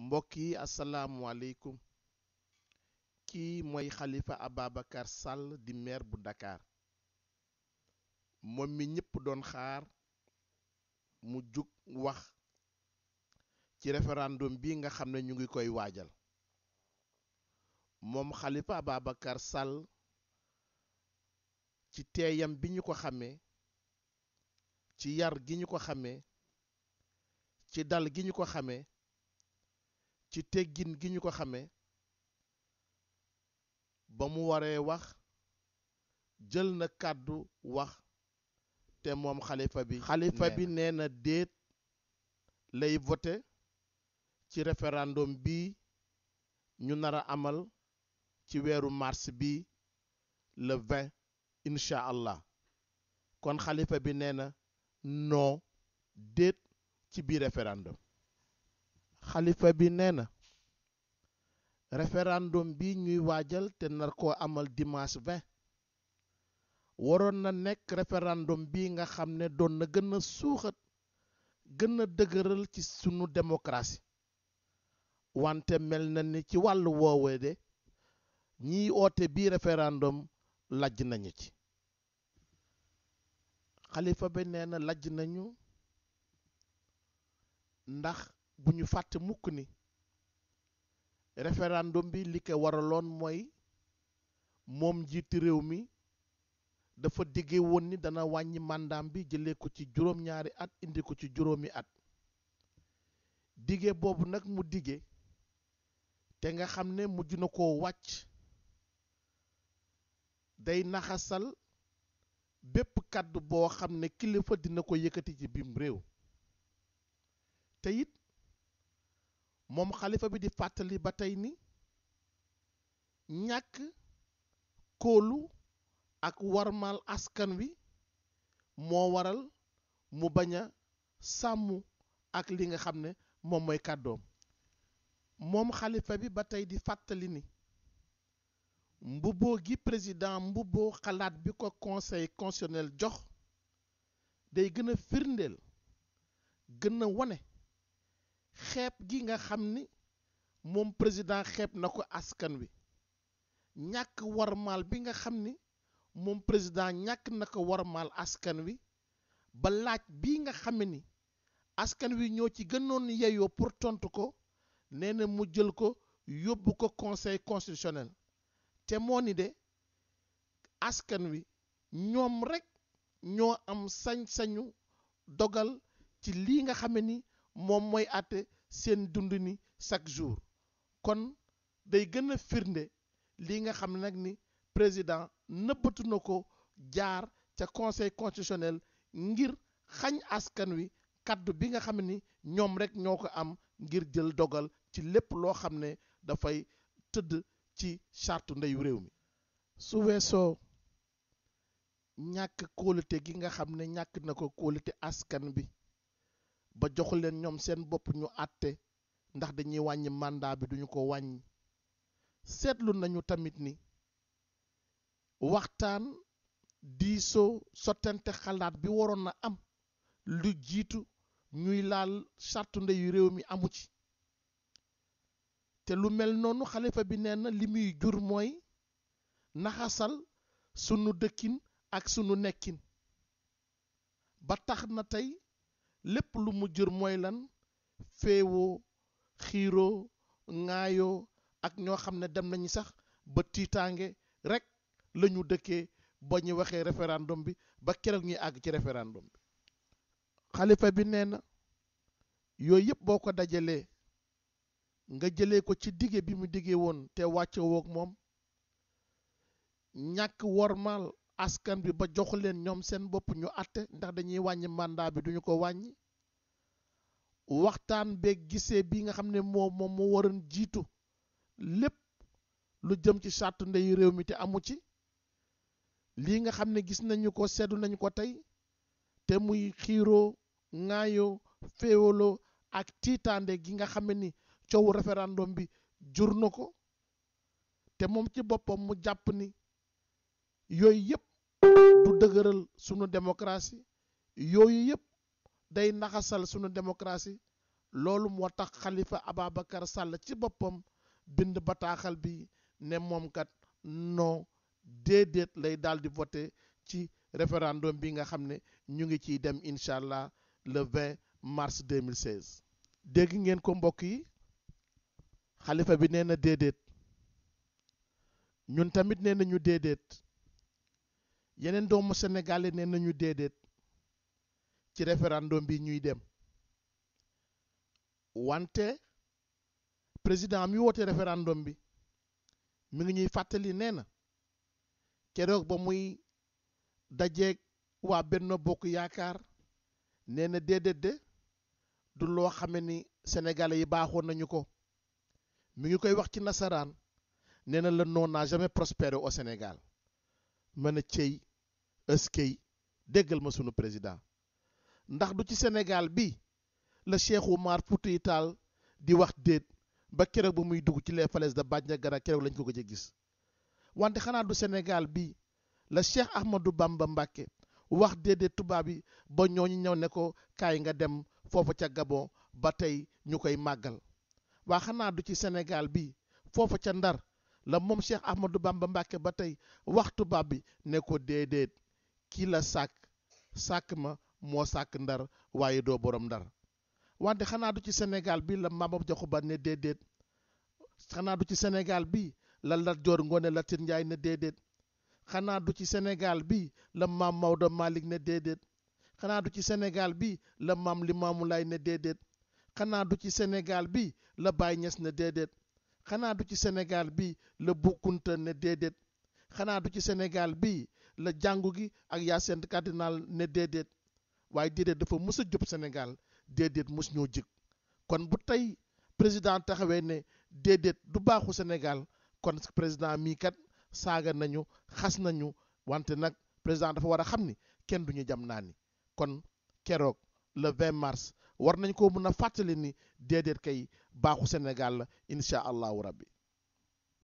mbokk yi asalaamualeykum kii mooy xalifa ababacar sàll di maire bu dakar moom mi ñëpp doon xaar mu jug wax ci référendum bi nga xam ne ñu ngi koy waajal moom xalifa ababacar sàll ci teeyam bi ñu ko xamee ci yar gi ñu ko xamee ci dàll gi ñu ko xamee ci teggin gi ñu ko xamee ba mu waree wax jël na kàddu wax te moom xalifa bi xalifa bi nee na déet lay voté ci référendum bi ñu nar a amal ci weeru mars bi le 20 incha allah kon xalifa bi nee na non déet ci biir référendum xalifa bi neena na bi ñuy waajal te nar koo amal dimanche 20 waroon na nekk référendum bi nga xam ne doon na gën a suuxat gën dëgëral ci sunu démocratie wante mel na ni ci wàllu woowee de ñiy oote bii référendum lajj nañu ci xalifa bi nee na lajj nañu ndax bu ñu fàtte mukk ni référendum bi li ko waraloon mooy moom njiiti réew mi dafa diggee woon ni dana wàññi màndaam bi jëlee ko ci juróom-ñaari at indi ko ci juróomi at digge boobu nag mu digge te nga xam ne mujj na ko wàcc day naxasal bépp kàddu boo xam ne kilifa dina ko yëkkati ci biim réew te moom xalifa bi di fàttali ba tey ni ñàkk kóolu ak warmaal askan wi moo waral mu bañ a sàmm ak li nga xam ne moom mooy kàddoom moom xalifa bi ba tey di fàttali ni mbubboo gi président mbubboo xalaat bi ko conseil constitutionnel jox day gën a firndeel gën a wane xeeb gi nga xam ni moom président xeeb na ko askan wi ñàkk warmaal bi nga xam ni moom président ñàkk na ko warmaal askan wi ba laaj bi nga xam ni askan wi ñoo ci gënoon yeyoo pour tontu ko nee na mu jël ko yóbbu ko conseil constitutionnel te moo ni de askan wi ñoom rekk ñoo am sañ-sañu dogal ci lii nga xam ni moom mooy àtte seen dund ni chaque jour kon day gën a firnde lii nga xam nag ni président nëbbatu na ko jaar ca conseil constitutionnel ngir xañ askan wi kàddu bi nga xam ni ñoom rek ñoo ko am ngir jël dogal ci lépp loo xam ne dafay tëdd ci chartu ndeyu réew mi su weesoo ñàkk kóolute gi nga xam ne ñàkk na ko kóolute askan bi ba joxu leen ñoom seen bopp ñu àtte ndax dañuy wàññi màndaa bi duñu ko wàññi seetlu nañu tamit ni waxtaan diisoo sottente xalaat bi waroon na am lu jiitu ñuy laal sartu ndeyu réew mi amu ci te lu mel noonu xalifa bi nee na li muy jur mooy naxasal sunu dëkkin ak sunu nekkin ba tax na tey lépp lu mu jër mooy lan féewoo xiiroo ŋaayoo ak ñoo xam ne dem nañu sax ba tiitaange rekk la ñu dëkkee ba ñu waxee référendum bi ba keroog ñuy àgg ci référendum bi xalifa bi nee na yooyu yëpp boo ko dajalee nga jële ko ci dige bi mu digee woon te wàcce woog moom ñàkk wormaal askan bi ba jox leen ñoom seen bopp ñu àtte ndax dañuy wàññi màndaa bi duñu ko wàññi waxtaan beeg gisee bi nga xam ne moom moom moo waroon jiitu lépp lu jëm ci sàttu ndeyu réew mi te amu ci lii nga xam ne gis nañu ko seddu nañu ko tey te muy xiiroo ŋaayoo féewaloo ak tiitaande gi nga xam ni coowu référendum bi jur na ko te moom ci boppam mu jàpp ni yooyu yëpp du dëgëral sunu démocratie yooyu yëpp day naxasal sunu démocratie loolu moo tax xalifa Ababacar Sall ci boppam bind bataaxal bi ne moom kat non déedéet lay daal di voté ci référendum bi nga xam ne ñu ngi ciy dem incha allah le 20 mars 2016. dégg ngeen ko mbokk yi xalifa bi nee na déedéet ñun tamit nee nañu déedéet. yeneen doomu Sénégal yi nañu déedéet ci référendum bi ñuy dem wante président mi woote référendum bi mu ngi ñuy fàttali nee na keroog ba muy dajeeg waa benn Bokk Yaakaar nee na déedéet de du loo xame ni sénégalais yi baaxoon nañu ko mu ngi koy wax ci nasaraan nee na le non n'a jamais prospéré au Sénégal mën a cey eskey déggal ma sunu président ndax du ci Sénégal bi la Cheikh Oumar Foutiyou di wax déet ba keroog ba muy dugg ci les falaises de Bandiagara keroog lañ ko gëj a gis wante xanaa du Sénégal bi la Cheikh Ahmadou Bamba Mbacke wax déedéet tubaab yi ba ñooñu ñëw ne ko kaay nga dem foofa ca Gabon ba tey ñu koy màggal waa xanaa du bi foofa ca la moom Cheikh Ahmadou Bamba ba tey wax tubaab bi ne ko déedéet kii la sàkk sàkk ma moo sàkk ndar waaye doo boroom ndar wante xanaatu ci senegaal bi la Maba Jaxu Ba ne déedéet ci Sénégal bi la Lat Joor Ngoone Latir Njaay ne déedéet xanaa ci senegaal bi la maam Maodo Malick ne déedéet xanaa ci senegaal bi la maam Limaamu Laay ne déedéet xanaa ci Sénégal bi la Baay Ñas ne déedéet xanaa ci senegaal bi la Bukkunta ne déedéet xanaa ci senegaal bi la jàngu gi ak yaa seen cardinal ne déedéet waaye déedéet dafa mës a jub Sénégal déedéet mës ñoo jig kon bu tey président taxawee ne déedéet du baaxu Sénégal kon président mii kat saaga nañu xas nañu wante nag président dafa war a xam ni kenn du ñu jam naa ni kon keroog le 20 mars war nañ ko mën a fàttali ni déedéet kay baaxu Sénégal la incha allahu rabbi